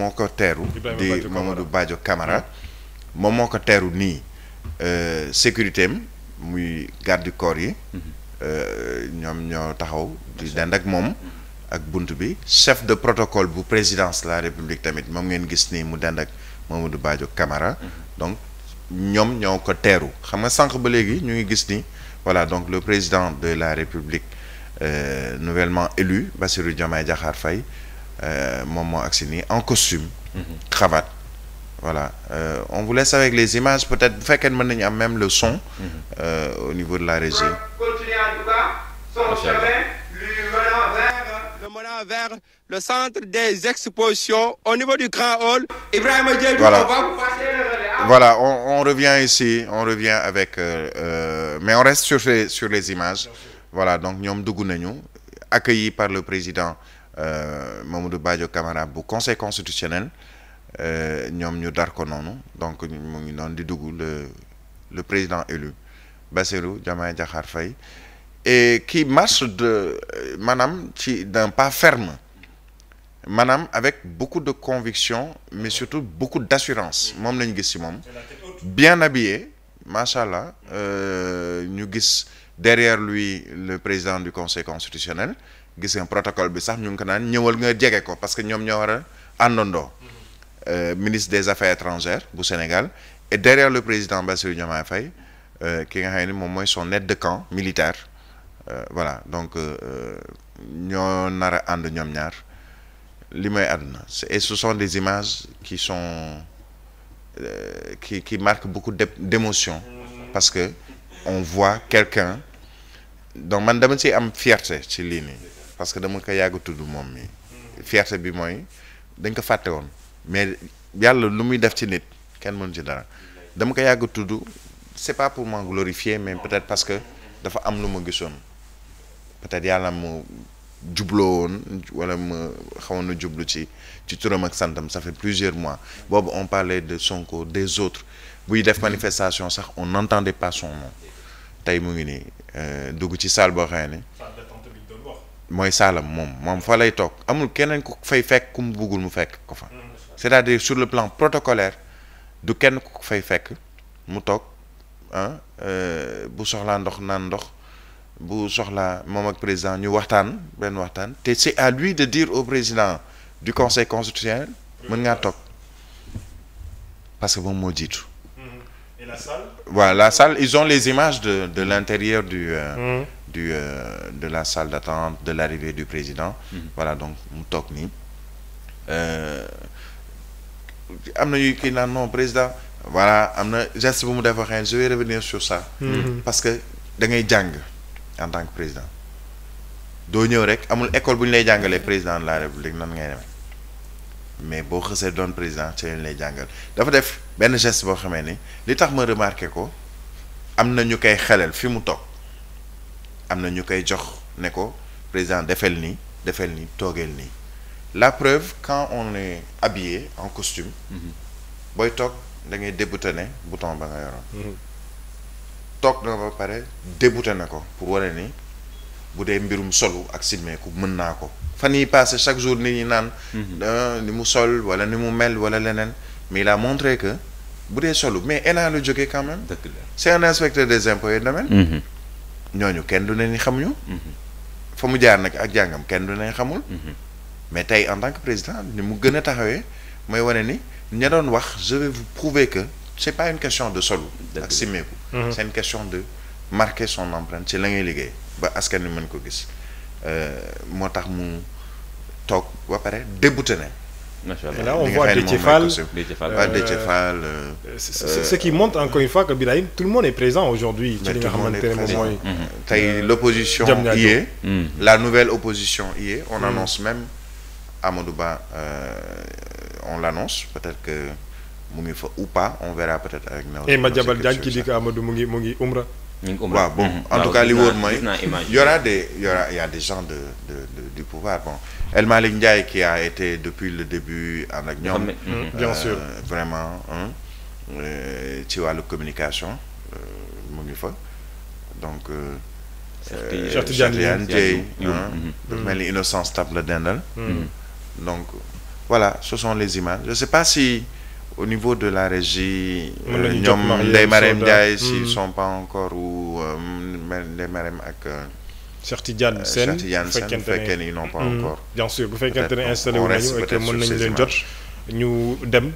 moo ko teeru di Mamadou Badio kamara hmm. moom moo ko teeru nii euh, sécurité am muy garde du corps yi hmm. euh, ñoom ñoo taxaw di dend ak moom ak bunt bi chef de protocole bu présidence la république tamit moom ngeen gis nii mu dend ak Mamadou Badio kamara hmm. donc ñoom ñoo ko teeru xam nga sànq ba léegi ñu ngi gis ni voilà donc le président de la république euh, nouvellement élu Bassirou Diomaye Diakhar fay moom euh, moo agsi en costume mhm. cravate voilà euh, on vous laisse avec les images peut-être bu fekkee mën nañu am même le son mhm. euh, au niveau de la régie continuer en tout cas son le centre des expositions au niveau du Grand Hall Ibrahima Diédhiou voilà. on va vous passer ici on revient avec euh, euh, mais on reste sur les sur les images voilà donc ñoom dugg nañu accueilli par le président Euh, du Badio Camara bu conseil constitutionnel euh, ñoom ñu dar ko noonu donc mu ngi noonu di dugg le président élu Bassirou Diomaye Diakhar fay et qui marche de maanaam ci d'un pas ferme maanaam avec beaucoup de conviction mais surtout beaucoup d'assurance moom la ñu gis ci moom bien habillé macha allah euh, ñu euh, gis derrière lui le président du conseil constitutionnel gis nga protocole bi sax ñu ngi ko naan ñëwal nga jege ko parce que ñoom ñoo war a àndandoo. Euh, ministre des affaires étrangères bu Sénégal et derrière le président Bassirou Diomaye Faye euh, ki nga xam ne moom mooy son aide de camp militaire euh, voilà donc ñoo nara a ànd ñoom ñaar li mooy àdduna et ce sont des images qui sont qui qui marquent beaucoup d'émotion parce que on voit quelqu'un donc man dama ci am fierté ci lii nii parce que dama ko yàgg tudd moom mi fierté bi mooy dañ ko fàtte woon mais yàlla lu muy def ci nit kenn mënu ci dara dama ko yàgg tudd c'est pas pour m'en glorifier mais peut-être parce que dafa am lu ma gisoon peut-être yàlla mu jubloo woon wala ma xawoon na jublu ci ci turam ak santam ça fait plusieurs mois boobu on parlait de Sonko des autres buy def manifestation sax on n'entendait pas son nom tey mu ngi nii euh, dugg ci salle boo xam mooy saalam moom moom fa lay toog amul keneen ko fay fekk ku mu buggul mu fekk ko fa c'est-à-dire sur le plan protocolaire du kenn ku fay fekk mu toog ah bu soxlaa ndox naan ndox bu soxlaa moom ak président ñu waxtaan benn waxtaan te c'est à lui de dire au président du conseil constitutionnel mën ngaa toog parce que moom moo jiitu mm-hmm. et la salle voilà la ils ont les images de de l'intérieur du euh, mm-hmm. Euh, de la salle d'attente de l'arrivée du président mm voilà donc mu toog nii euh, am na ñuy kii naan non président voilà am na gest bu mu def waxee je vais revenir sur ça mhm. parce que dangay jàng en tant que président doo ñëw rek amul école bu ñu lay jàngalee président de la république nan ngay demee mais boo xësee doon président ci lañ lay jàngal dafa def benn gest boo xamee ni li tax ma remarqué ko am na ñu koy xelal fi mu toog am na ñu koy jox ne ko président defeel nii defel nii toogeel nii la preuve quand on est habillé en costume mhm. booy toog dangay débuté ne bouton ba nga yoroon mhm. toog na ba pare déboutonné ko pour wane ni bu dee mbirum solu ak silmeeku mën naa ko fan yi passé chaque jour ni ñi naan mhm. ah, ni mu sol wala ni mu mel wala leneen mais il a que bu dee solu mais ENA lu jógee quand même c'est un inspecteur des impôts et ñooñu kenn du ne ni xamuñu. Mhm. fa mu jaar nag ak jàngam kenn du ne xamul. Mhm. mais tey en tant que président ni mu gën a taxawee mooy wane ni ña doon wax je vais vous prouver que c'est pas une question de solo. ak simmeeku. Mhm. c'est une question de marquer son empreinte ci la ngay liggéey ba askan wi mën ko gis euh, moo tax mu toog ba pare débuté ne macha allah là on voit Déthié Fall euh, Déthié Fall ah Déthié Fall. ce qui montre encore une fois que Birahim tout le monde est présent aujourd'hui ci li nga xamante ne moom l' opposition. y mhm. la nouvelle opposition y est on mhm. annonce même Amadou Ba euh, on l' annonce peut-être que mu ngi fa ou pa on verra peut-être avec. Naomi et Madiambal Diagne Amadou mu ngi mu ngi umra. ñu en tout cas li wóor mooy y aura des y aura y a des gens du pouvoir bon El qui a été depuis le début ànd ak ñoom. Mm-hmm. Mm-hmm. bien sûr euh, vraiment euh, ci wàllu communication euh, donc. Cheikh Tidiane Dièye dafa mm-hmm. mel ni Innocence Ntap la dendal donc voilà ce sont les images je sais pas si. au niveau de la régie. Euh, ñoom Ndeye Marème Ndiaye s'ils hmm. sont pas encore ou euh, Ndeye Marème ak. Euh, Cheikh Tidiane Sène bu fekkee ne ils n'ont pas hmm. encore. bien sûr bu fekkee ne installé wu nañu mën nañu leen jot ñu dem.